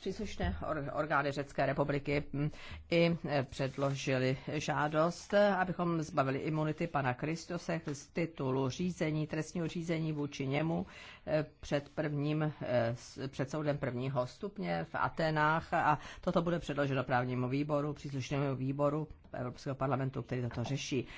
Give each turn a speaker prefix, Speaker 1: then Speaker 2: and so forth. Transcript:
Speaker 1: Příslušné
Speaker 2: orgány Řecké republiky hm, i eh, předložili žádost, abychom zbavili imunity pana Kristose z titulu řízení, trestního řízení vůči němu eh, před, prvním, eh, před soudem prvního stupně v Atenách a toto bude předloženo právnímu výboru, příslušnému výboru Evropského parlamentu, který toto řeší.